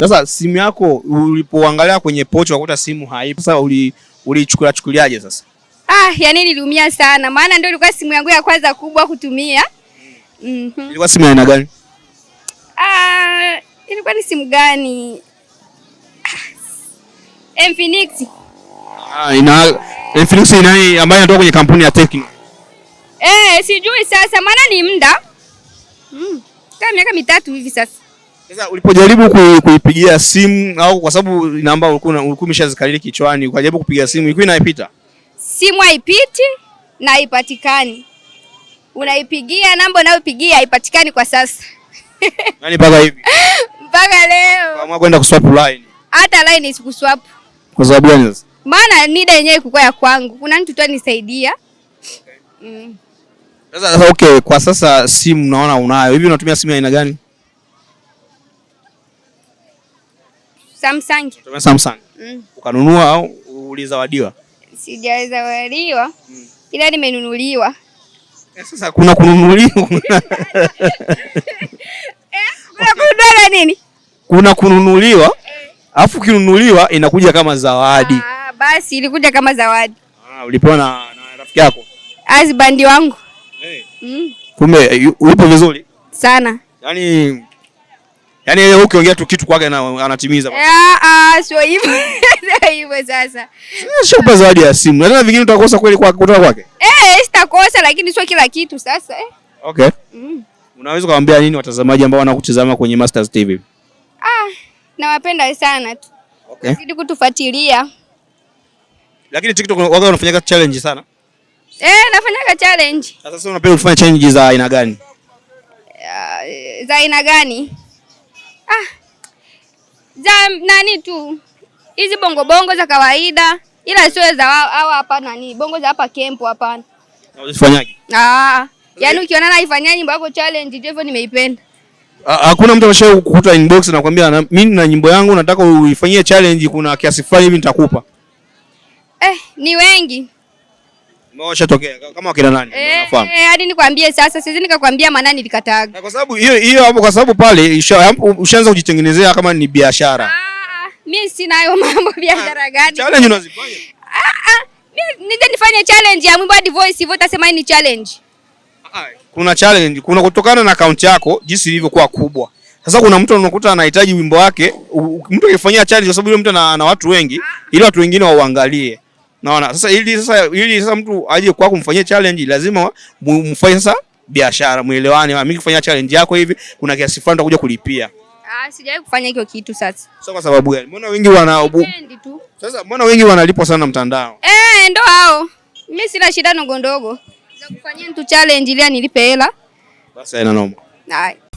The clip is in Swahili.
Sasa simu yako ulipoangalia kwenye pochi ukakuta simu haipo, sasa ulichukulia chukuliaje? Sasa ah, yani niliumia sana, maana ndio ilikuwa simu yangu ya kwanza kubwa kutumia. mm Ilikuwa simu ya aina gani? Ah, ilikuwa ni simu gani? Ah, Infinix. Ah, ina Infinix ina ambayo inatoka kwenye kampuni ya Tecno. Eh, sijui sasa, maana ni muda mm, kama miaka mitatu hivi sasa sasa ulipojaribu kuipigia simu au kwa sababu namba ulikuwa umeshazikariri kichwani, ukajaribu kupiga simu, ilikuwa inaipita? Simu haipiti na haipatikani. Unaipigia namba unayopigia haipatikani kwa sasa. Yaani mpaka hivi. Mpaka leo. Kama kwenda kuswap line. Hata line sikuswap. Kwa sababu gani sasa? Maana nida yenyewe ilikuwa ya kwangu. Kuna mtu tu anisaidia. Okay. Mm. Sasa okay, kwa sasa simu naona unayo. Hivi unatumia simu ya aina gani? Samsung. Tumia Samsung. Mm. Ukanunua au ulizawadiwa? Sijazawadiwa. Mm. Ila nimenunuliwa. Eh, sasa kuna kununuliwa. Eh, kuna kununuliwa nini? Kuna kununuliwa. Eh. Alafu ukinunuliwa inakuja kama zawadi. Ah, basi ilikuja kama zawadi. Ah, ulipewa na, na rafiki yako? Azibandi wangu. Hey. Mm. Kumbe yupo vizuri sana. Yaani Yaani leo ukiongea tu kitu kwake anatimiza. Ah, ah, sio hivyo. Sio hivyo sasa. Sio Shopa zawadi ya simu. Ndio vingine utakosa kweli kwa kutoka kwake? Eh, sitakosa lakini sio kila kitu sasa eh. Okay. Mm. Unaweza kuambia nini watazamaji ambao wanakutazama kwenye Masters TV? Ah, nawapenda sana tu. Okay. Zidi kutufuatilia. Lakini TikTok waga wanafanya challenge sana. Eh, nafanya challenge. Sasa sasa unapenda kufanya challenge za aina gani? Uh, za aina gani? ah, za nani tu hizi bongo bongo za kawaida, ila sio za hawa hapa nani bongo za hapa kempo, hapana. Unazifanyaje? Ah, yaani ukiona naifanyia nyimbo yako challenge, ndio hivyo nimeipenda. Hakuna mtu ameshawahi kukuta inbox na kwambia mimi na nyimbo yangu nataka uifanyie challenge, kuna kiasi fulani hivi nitakupa. Eh, ni wengi. Umewashatokea kama wakina nani? Eh, Unafahamu. Eh, hadi nikwambie sasa siwezi nikakwambia manani likataga. Kwa sababu hiyo hiyo hapo kwa sababu pale ushaanza kujitengenezea kama ni biashara. Ah, mimi ah, sina hayo mambo ah, biashara gani? Challenge unazifanya? Ah ah, mimi nije nifanye challenge ya mwimbo hadi voice hivyo utasema ni challenge. Ah, ah, kuna challenge, kuna kutokana na account yako jinsi ilivyokuwa kubwa. Sasa kuna mtu unakuta anahitaji wimbo wake, mtu akifanyia challenge kwa sababu yule mtu ana watu wengi ili watu wengine wauangalie. Naona sasa ili sasa ili sasa mtu aje kwako kumfanyia challenge, lazima mfanye sasa biashara, muelewane. Mimi kufanya challenge yako hivi, kuna kiasi fulani utakuja kulipia. Ah, sijawahi kufanya hiyo kitu sasa. Sasa kwa sababu gani? Mbona wengi wana sasa, mbona wengi wanalipwa sana mtandao? Eh, ndo hao. Mimi sina shida ndogo ndogo za kufanyia mtu challenge ili anilipe hela. Basi ina noma. Hai.